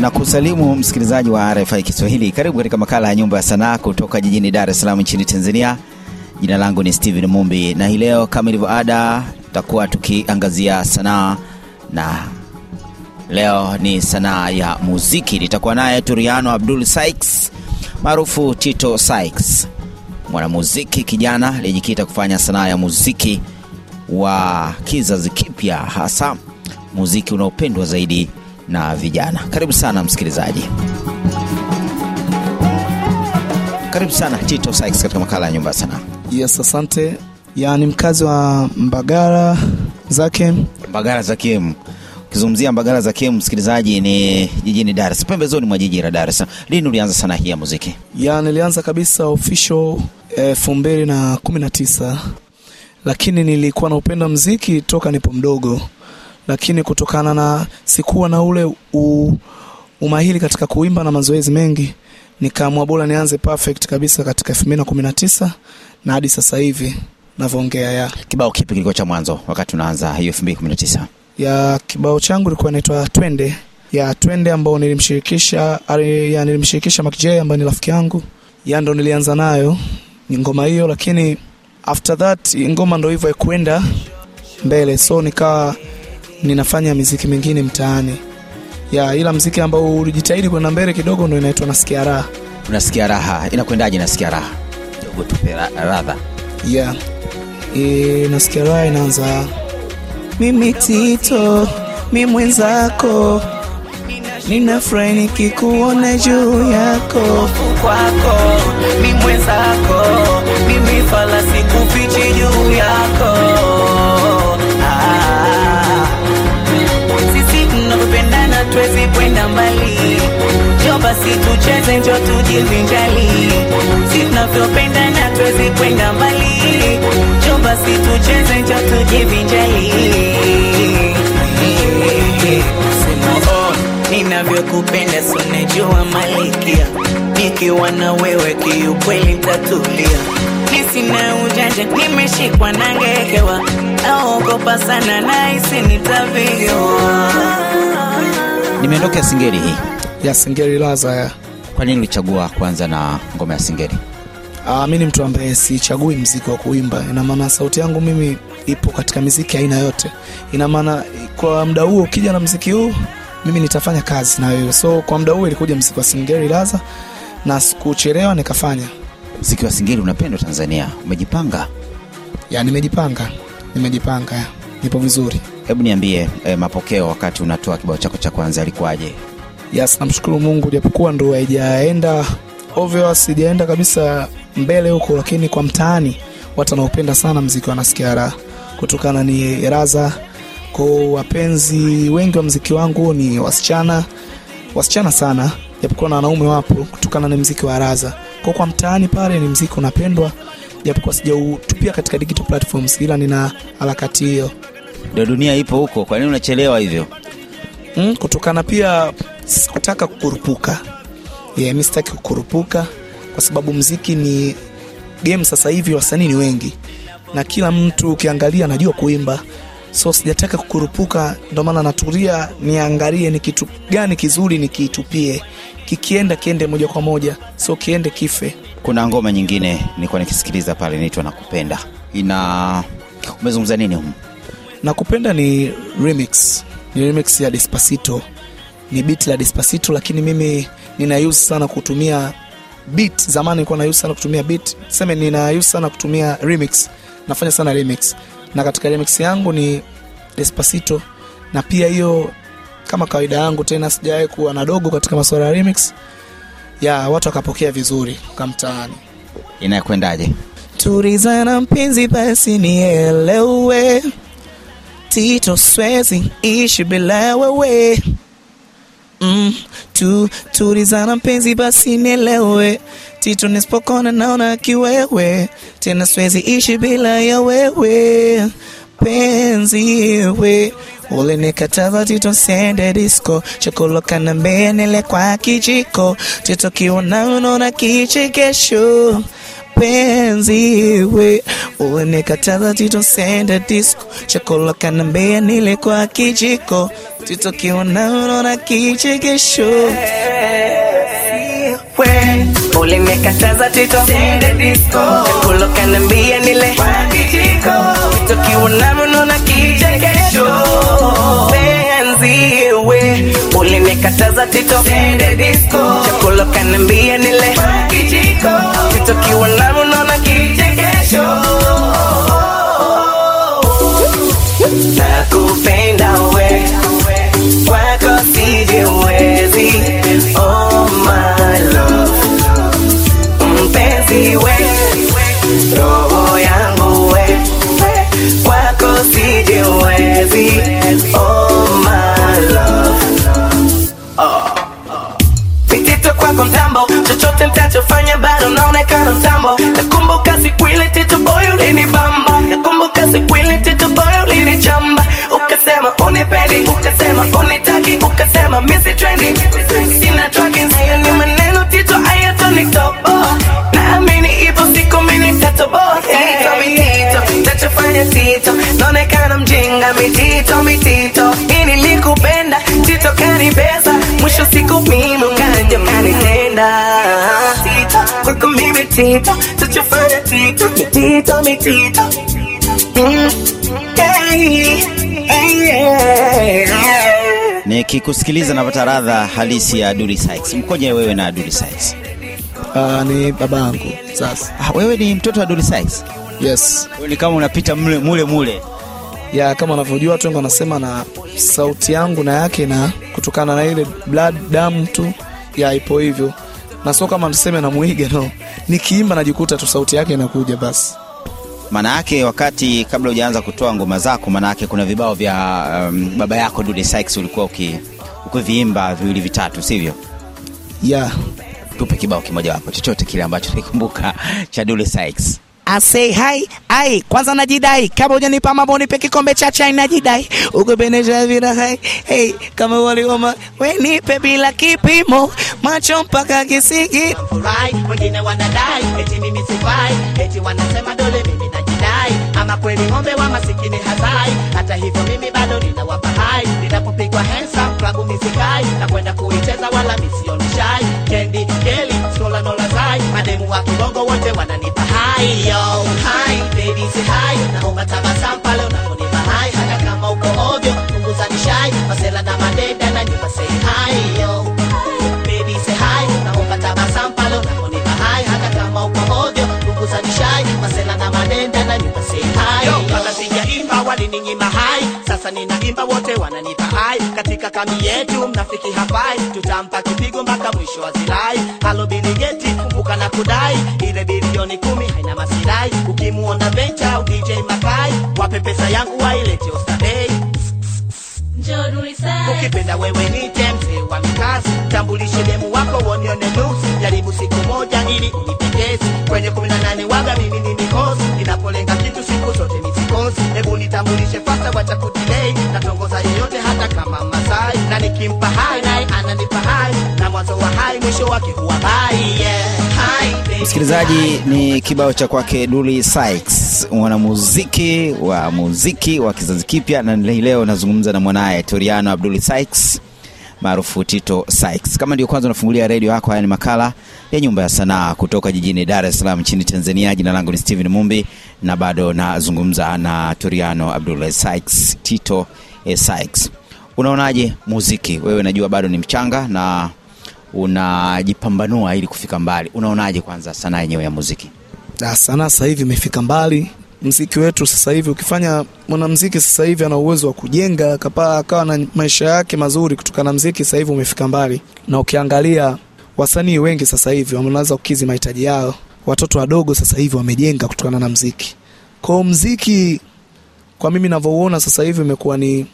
na kusalimu msikilizaji wa RFI Kiswahili. Karibu katika makala ya Nyumba ya Sanaa kutoka jijini Dar es Salaam nchini Tanzania. Jina langu ni Steven Mumbi, na hii leo kama ilivyo ada, tutakuwa tukiangazia sanaa na leo ni sanaa ya muziki. Nitakuwa naye Turiano Abdul Sykes maarufu Tito Sykes, mwanamuziki kijana aliyejikita kufanya sanaa ya muziki wa kizazi kipya, hasa muziki unaopendwa zaidi na vijana. Karibu sana msikilizaji, karibu sana Tito Sykes katika makala ya nyumba ya sanaa. Yes, asante. Yani mkazi wa Mbagara Zakem, Mbagara km Ukizungumzia mbagara za km msikilizaji, ni jijini Dar es Salaam, pembezoni mwa jiji la Dar es Salaam. Lini ulianza sana hii ya muziki? Ya, nilianza kabisa official elfu mbili na kumi na tisa, lakini nilikuwa naupenda mziki toka nipo mdogo lakini kutokana na sikuwa na ule u, umahili katika kuimba na mazoezi mengi nikaamua bora nianze perfect kabisa katika 2019 na hadi sasa hivi navyoongea. Ya kibao kipi kilikuwa cha mwanzo wakati unaanza hiyo 2019? Ya kibao changu ilikuwa inaitwa Twende ya Twende, ambao nilimshirikisha ya nilimshirikisha Mac J ambaye ni rafiki yangu, ya ndo nilianza nayo ngoma hiyo, lakini after that ngoma ndo hivyo ikwenda mbele, so nikawa ninafanya miziki mingine mtaani ya ila mziki ambao ulijitahidi kwenda mbele kidogo ndo inaitwa nasikia raha unasikia raha inakwendaje nasikia raha kidogo tupe yeah e, nasikia raha inaanza mimi tito mi mwenzako ninafurahi nikikuona juu yako kwako mi mwenzako mimi falasi sikufichi juu yako tunaenda mbali, njo basi tucheze, njo tujivinjali, si tunavyopenda na tuwezi kwenda mbali, njo basi tucheze, njo tujivinjari oh, ninavyokupenda sunajua malikia, nikiwa na wewe kiukweli tatulia, nisina ujanja, nimeshikwa na ngekewa, naogopa sana, nahisi nitaviwa Nimeondoka Singeli hii ya Singeli Laza ya. Kwa nini ulichagua kwanza na ngoma ya Singeli? Ah, mimi ni mtu ambaye sichagui mziki wa kuimba. Ina maana sauti yangu mimi ipo katika miziki aina yote. Ina maana kwa muda huo ukija na mziki huu mimi nitafanya kazi na wewe. So kwa muda huo ilikuja mziki wa Singeli Laza na sikuchelewa nikafanya. Mziki wa Singeli unapendwa Tanzania. Umejipanga? Ya, nimejipanga. Nimejipanga. Nipo vizuri. Hebu niambie e, mapokeo wakati unatoa kibao chako cha kwanza alikuwaje? Yes, namshukuru Mungu japokuwa ndo haijaenda ovyo, sijaenda kabisa mbele huko, lakini kwa mtaani watu wanaopenda sana mziki wanasikia raha kutokana ni raza kwa wapenzi wengi wa mziki wangu ni wasichana, wasichana sana, japokuwa na wanaume wapo, kutokana na mziki wa raza. Kwa kwa mtaani pale ni mziki unapendwa, japokuwa sijautupia katika digital platforms, ila nina harakati hiyo ndio dunia ipo huko, kwa nini unachelewa hivyo? Mm, kutokana pia sikutaka kukurupuka. Yeah, mimi sitaki kukurupuka kwa sababu mziki ni game sasa hivi, wasanii ni wengi na kila mtu ukiangalia anajua kuimba, so sijataka kukurupuka, ndo maana naturia niangalie ni kitu gani kizuri nikiitupie, kikienda kiende moja kwa moja, so kiende kife. Kuna ngoma nyingine nilikuwa nikisikiliza pale inaitwa Nakupenda, ina umezungumza nini humu? na kupenda ni remix, ni remix ya Despacito, ni beat la Despacito, lakini mimi nina use sana kutumia beat. Zamani nilikuwa na use sana kutumia beat, sema nina use sana kutumia remix, nafanya sana remix, na katika remix yangu ni Despacito, na pia hiyo kama kawaida yangu tena, sijawahi kuwa na dogo katika masuala ya remix ya watu wakapokea vizuri kamtaani. Inakwendaje? Turizana mpenzi, basi nielewe sito swezi ishi bila wewe mm, tu tulizana mpenzi, basi nielewe tito nisipokona naona kiwewe tena, swezi ishi bila ya wewe penzi we ulinikataza tito, sende disco chakula kana mbele kwa kijiko tito, kiwa kiona unaona kichekesho mapenzi we tito titosenda disco chakula kanambea nile kwa kijiko tito titokiona unaona kichekesho ulinikataza titosende disco chakula kanambia nile kwa kijiko tito titokiona unaona kichekesho usiwe ulinikataza Tito, sende disco chakula kaniambia nile kijiko Tito kiwa nami naona kichekesho nakupenda we kwako sijiwezi kwenye fito, naonekana mjinga, mitito mitito, ini likupenda tito kani kanibeza, mwisho siku mimi unganja kanitenda kwako mimi tito, tachofanya tito mitito mitito hey, mm. hey, hey, hey. Nikikusikiliza napata radha halisi ya Aduri Sykes. Mkoje wewe na Aduri Sykes? Uh, ni babangu sasa. Ah, wewe ni mtoto wa Aduri Sykes? Yes. Ni kama unapita mle mule mule. Ya kama unavyojua watu wengi wanasema na sauti yangu na yake na kutokana na ile blood damu tu ya ipo hivyo. Na sio kama niseme na muige no. Nikiimba najikuta tu sauti yake inakuja basi. Maana yake wakati kabla hujaanza kutoa ngoma zako, maana yake kuna vibao vya um, baba yako Dude Sykes ulikuwa uki ukiviimba viwili vitatu, sivyo? Ya. Yeah. Tupe kibao kimoja wapo chochote kile ambacho nikumbuka cha Dude Sykes. Asei hai ai, kwanza najidai, kama hujanipa mambo unipe kikombe cha chai, najidai ukubenesha vira hai hey, kama walioma we nipe bila kipimo, macho mpaka kisiki. Wengine wanadai eti mimi sifai, eti wanasema dole mimi najidai, ama kweli ng'ombe wa masikini hazai. Hata hivyo mimi bado ninawapa hai, ninapopigwa hands up club misikai na kwenda kuicheza, wala misioni shai kendi hapa Kibongo wote wananipa hai yo, hi baby, say hi, naomba tabasamu pale unaponipa sasa ninaimba, wote wananipa hai, katika kambi yetu mnafiki hapai, tutampa kipigo mpaka mwisho wa zilai. Halo Billy Geti, kumbuka na kudai ile bilioni kumi haina masilai. Ukimuona Venta au DJ Makai, wape pesa yangu wailete Ostadei. Ukipenda wewe ni mzee wa mikazi, tambulishe demu wako wonione nusu, jaribu siku moja ili unipendezi Kwenye kumi na nane waga mimi ni mikosi, inapolenga kitu siku zote misikosi. Hebu nitambulishe fasa, wacha kuti nikimpa hai naye ananipa hai na mwanzo wa hai mwisho wake huwa bai Msikilizaji, ni kibao cha kwake duli Sykes, mwanamuziki wa muziki wa kizazi kipya, na leo nazungumza na mwanaye Toriano Abdul Sykes maarufu Tito Sykes. Kama ndio kwanza unafungulia redio yako, haya ni makala ya Nyumba ya Sanaa kutoka jijini Dar es Salaam nchini Tanzania. Jina langu ni Steven Mumbi na bado nazungumza na Toriano Abdul Sykes, Tito Sykes. Unaonaje muziki wewe? Najua bado ni mchanga na unajipambanua ili kufika mbali. Unaonaje kwanza sanaa yenyewe ya muziki? Da, ah, sanaa sasa hivi imefika mbali. Mziki wetu sasa hivi, ukifanya mwanamziki sasa hivi ana uwezo wa kujenga kapaa, akawa na maisha yake mazuri kutokana na mziki. Sasa hivi umefika mbali, na ukiangalia wasanii wengi sasa hivi wameanza kukizi mahitaji yao. Watoto wadogo sasa hivi wamejenga kutokana na mziki. Kwa mziki, kwa mimi navyoona sasa hivi imekuwa ni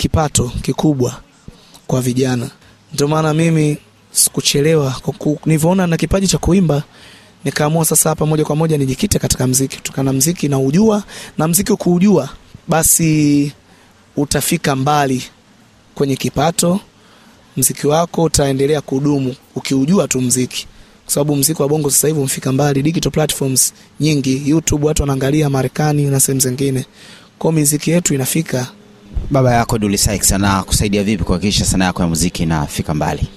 kipato kikubwa kwa vijana. Ndio maana mimi sikuchelewa nilivyoona na kipaji cha kuimba nikaamua sasa hapa moja kwa moja nijikite katika mziki, kutokana na mziki na ujua na mziki ukiujua, basi utafika mbali kwenye kipato, mziki wako utaendelea kudumu ukiujua tu mziki, kwa sababu mziki wa bongo sasa hivi umfika mbali, digital platforms nyingi, YouTube watu wanaangalia Marekani na sehemu zingine, kwa miziki yetu inafika Baba yako Dully Sykes anakusaidia vipi kuhakikisha sanaa yako ya muziki inafika mbali?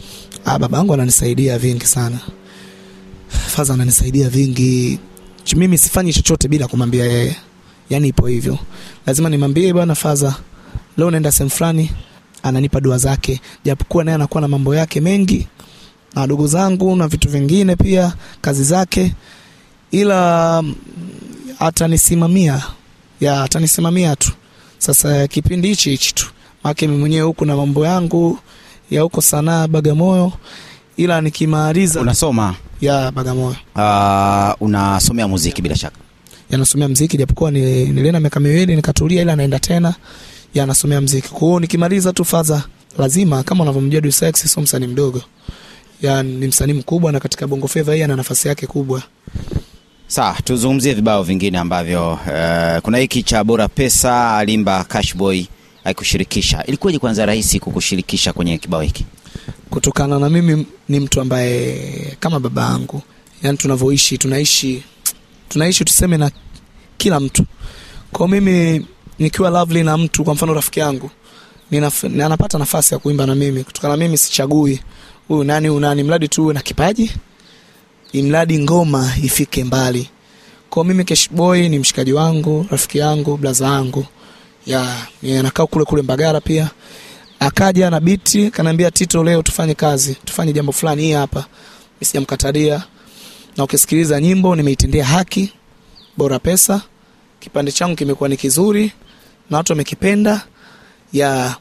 Ah, baba yangu ananisaidia vingi sana. Faza ananisaidia vingi. Mimi sifanyi chochote bila kumwambia yeye. Yaani ipo hivyo. Lazima nimwambie bwana Faza, leo naenda sehemu fulani, ananipa dua zake. Japokuwa naye anakuwa na mambo yake mengi na ndugu zangu na vitu vingine pia kazi zake, ila mm, atanisimamia ya atanisimamia tu sasa kipindi hichi hichi tu, maana mimi mwenyewe huku na mambo yangu ya huko sanaa Bagamoyo, ila nikimaliza. Unasoma ya Bagamoyo? Uh, unasomea muziki bila shaka? Yanasomea muziki, japokuwa nilienda miaka miwili nikatulia, ila naenda tena, yanasomea muziki. Kwa hiyo nikimaliza tu fadha, lazima kama unavyomjua Dusax, sio msanii mdogo, ya ni msanii mkubwa, na katika Bongo Flava yeye ana nafasi yake kubwa. Sawa, tuzungumzie vibao vingine ambavyo uh, kuna hiki cha bora pesa alimba Cashboy haikushirikisha. Ilikuwaje kwanza rahisi kukushirikisha kwenye kibao hiki? Kutokana na mimi ni mtu ambaye kama baba yangu, yani tunavyoishi tunaishi tunaishi tuseme na kila mtu. Kwa mimi nikiwa lovely na mtu, kwa mfano rafiki yangu anapata nafasi ya kuimba na mimi, kutokana na mimi sichagui huyu nani huyu nani, mradi tu uwe na kipaji imradi ngoma ifike mbali. Kwa mimi Cashboy ni mshikaji wangu, rafiki yangu, blaza yangu. Ya, anakaa kule kule mbagara pia. Akaja na biti, kaniambia Tito, leo tufanye kazi, tufanye jambo fulani hii hapa. Mimi sijamkatalia. Na ukisikiliza nyimbo nimeitendea haki, bora pesa. Kipande changu kimekuwa ni kizuri na watu wamekipenda. Ya,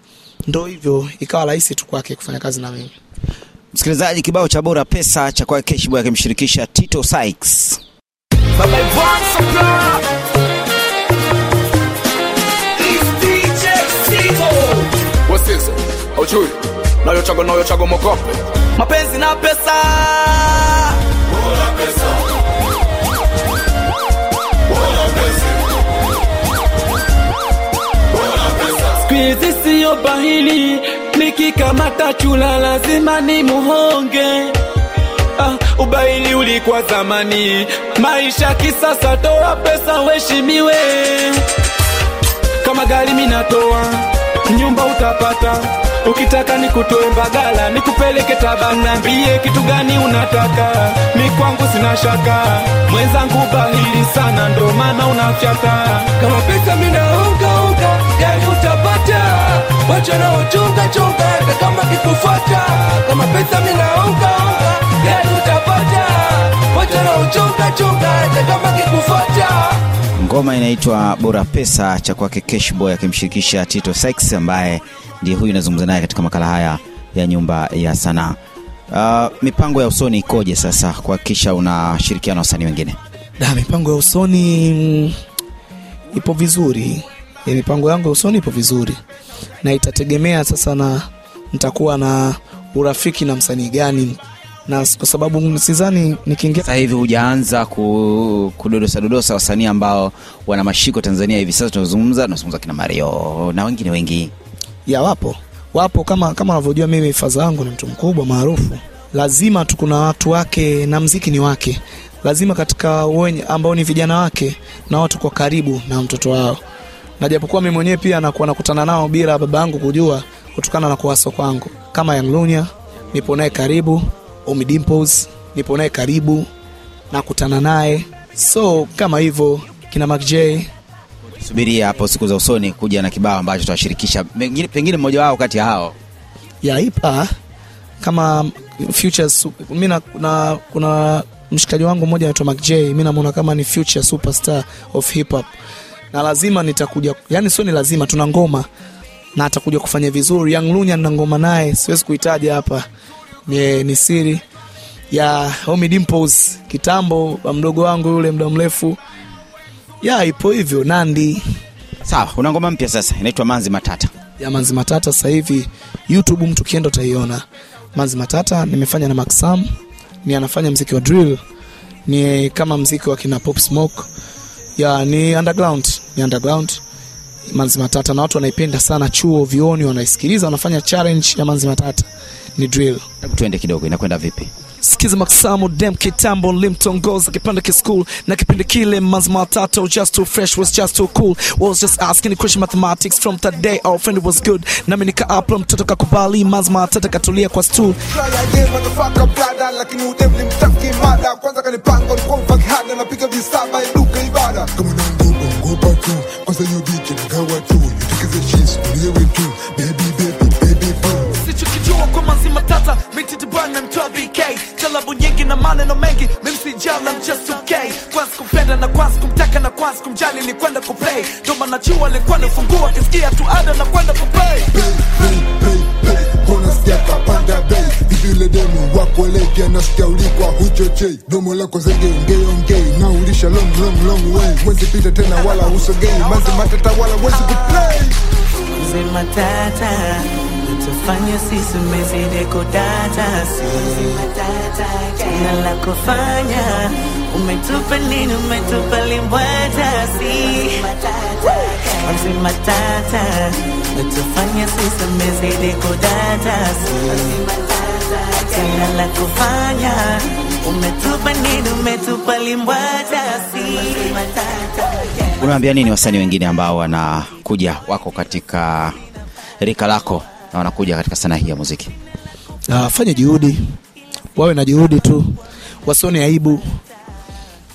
ndo hivyo ikawa rahisi tu kwake kufanya kazi na mimi. Msikilizaji, kibao cha bora pesa cha Kesh Keshbo akimshirikisha Tito Sykes. Oh, nayo chago nayo chago mokope mapenzi na pesa bora pesa pesa pesa Nikikamata chula lazima ni muhonge. Ah, ubaili ulikuwa zamani, maisha kisasa. Toa pesa weshimiwe Kama gari minatoa, nyumba utapata. Ukitaka nikutoe Mbagala, nikupeleke Tabana. Niambie kitu gani unataka, mi kwangu sina shaka. Mwenzangu bahili sana, ndo maana unafyata. Kama pesa minaonga yani utapata, wacha na chunga, kama kikufuata kama pesa yani utapata, wacha na uchunga chunga, kama kikufuata. Ngoma inaitwa Bora Pesa cha kwake Cashboy akimshirikisha Tito Sex ambaye ndiye huyu nazungumza naye katika makala haya ya Nyumba ya Sanaa. Uh, mipango ya usoni ikoje sasa kuhakikisha unashirikiana na wasanii wengine? Da, mipango ya usoni mm, ipo vizuri ya mipango yangu ya usoni ipo vizuri, na itategemea sasa na nitakuwa na urafiki na msanii gani na kwa sababu sidhani nikiingia sasa hivi hujaanza ku, kudodosa dodosa wasanii ambao wana mashiko Tanzania hivi sasa tunazungumza, tunazungumza kina Mario na wengine wengi ya wapo wapo, kama kama unavyojua mimi faza yangu ni mtu mkubwa maarufu, lazima tu kuna watu wake na mziki ni wake, lazima katika wenye ambao ni vijana wake na watu kwa karibu na mtoto wao na japokuwa mimi mwenyewe pia nakuwa nakutana nao bila baba yangu kujua, kutokana na kuwaso kwangu. Kama Young Lunya nipo naye karibu, Ommy nipo naye karibu, nakutana naye so kama hivyo kina Mac J subiria hapo siku za usoni kuja na kibao ambacho tutawashirikisha pengine mmoja wao kati ya hao ya ipa kama future. Mimi na kuna mshikaji wangu mmoja anaitwa Mac J, mimi namuona kama ni future superstar of hip hop na lazima nitakuja, yani sio ni lazima, tuna ngoma na atakuja kufanya vizuri. Young Lunya na ngoma naye siwezi kuitaja hapa, ni, ni siri ya Homie Dimples kitambo, mdogo wangu yule muda mrefu. Ya ipo hivyo Nandi. Sawa, una ngoma mpya sasa inaitwa Manzi Matata. Ya Manzi Matata sasa hivi YouTube mtu kienda utaiona. Manzi Matata nimefanya na Maxam, ni anafanya mziki wa drill, ni kama mziki wa kina Pop Smoke ya ni underground, ni underground Manzi Matata, na watu wanaipenda sana chuo, vioni wanaisikiliza, wanafanya challenge ya Manzi Matata ni drill. Hebu tuende kidogo, inakwenda vipi? Skiza Maksamo dem kitambo limtongoza kipande kiskul na kipindi kile manzi matatu just too fresh was just too cool was just asking question mathematics from that day our friend was good nami nika upload mtoto kakubali manzi matatu katulia kwa stool kwanza kanipanga ulikuwa mfakihada napiga visaba iduka ibada kama nangu ongopa tu kwanza hiyo dhiki nagawa tu nitikeze shis uliwe tu baby matata miti tibana mtoa BK chalabu nyingi na maneno mengi mimi sijala just okay kwanza kumpenda na kwanza kumtaka na kwanza kumjali ni kwenda kuplay ndo maana chua alikuwa nifungua kisikia tu ada na kwenda kuplay Kona siaka demu wako legea ulikwa huchochei domo lako zengeongeongei na ulisha long long wezi pita tena wala usogei mazi matata wala wezi kuplay tufanye sisi umezideko dadasi tena la kufanya umetupa nini umetupa limbwatasi mzima tata natufanye sisi umezideko dadasi tena la kufanya umetupa nini umetupa limbwatasi unaambia nini wasanii wengine ambao wanakuja wako katika rika lako na wanakuja katika sanaa hii ya muziki? Uh, ah, fanye juhudi, wawe na juhudi tu, wasione aibu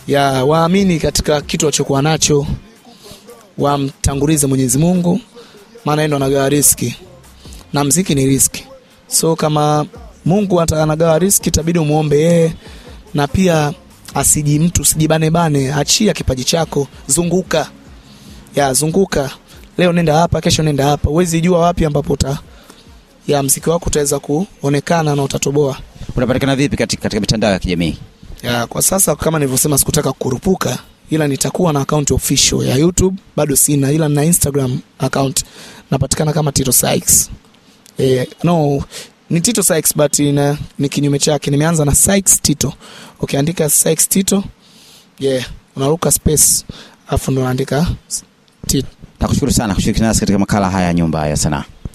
ya waamini katika kitu walichokuwa nacho, wamtangulize Mwenyezi Mungu, maana yeye ndo anagawa riski na mziki ni riski. So kama Mungu anagawa riski, itabidi umuombe yeye, na pia asiji mtu, usijibane bane, achia kipaji chako, zunguka ya zunguka. Leo nenda hapa, kesho nenda hapa, uwezi jua wapi ambapo uta ya mziki wako utaweza kuonekana na utatoboa. Unapatikana vipi katika, katika mitandao ya kijamii? Ya, kwa sasa kama nilivyosema sikutaka kurupuka ila nitakuwa na akaunti official ya YouTube, bado sina, ila na Instagram account napatikana kama Tito Sykes. Eh, no ni Tito Sykes but ina, ni kinyume chake. Nimeanza na Sykes Tito, ukiandika okay, Sykes Tito yeah, unaruka space afu ndo unaandika Tito. Nakushukuru sana kushiriki nasi katika makala haya nyumba ya sanaa.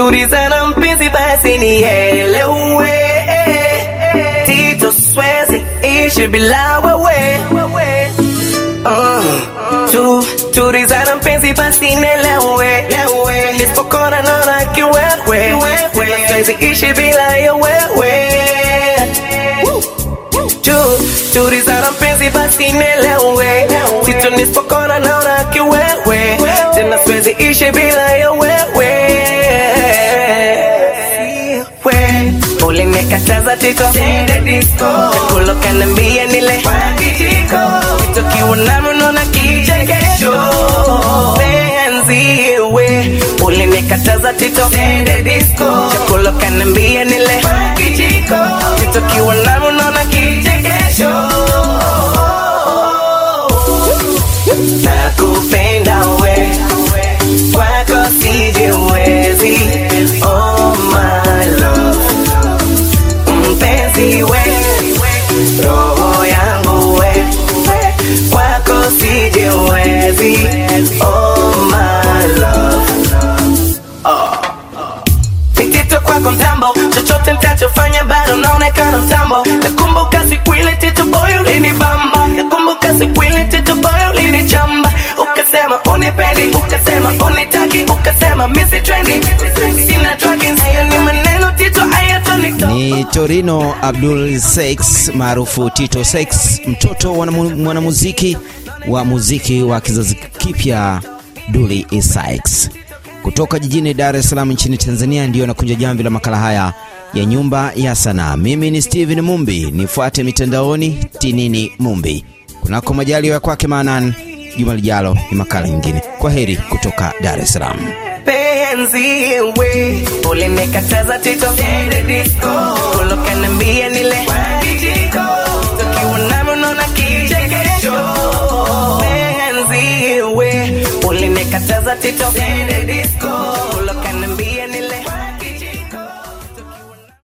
To I'm busy the tulizana mpenzi, basi nielewe, Tito, siwezi ishi bila wewe. Uh, tulizana mpenzi, basi nielewe, nisipokona naona kiwewe, siwezi ishi bila ya wewe. Tulizana mpenzi, basi nielewe, Tito, nisipokona naona kiwewe, tena siwezi ishi bila ya wewe disco. Sende disco. Kula kanambia nile. Wagi jiko. Tokiwa nami unaona kija kesho. Penzi we ulinikataza tito. Sende disco. Chakula kanambia nile. Wagi jiko. Tokiwa nami unaona kitambo. Nakumbuka siku ile tito boy ulinibamba, nakumbuka siku ile tito boy ulinichamba, ukasema unipendi, ukasema unitaki, ukasema misi trendi, sina dragons hayo ni maneno tito ni Torino Abdul Sex maarufu Tito Sex, mtoto mwanamuziki wa muziki wa kizazi kipya Dully e Sykes kutoka jijini Dar es Salaam nchini Tanzania, ndiyo nakunja jamvi la makala haya ya Nyumba ya Sanaa. Mimi ni Steven Mumbi, nifuate mitandaoni tinini Mumbi. Kunako majali ya kwake Maanani, juma lijalo ni makala nyingine. Kwa heri kutoka Dar es Salaam. Penzi we cause I tip your in the disco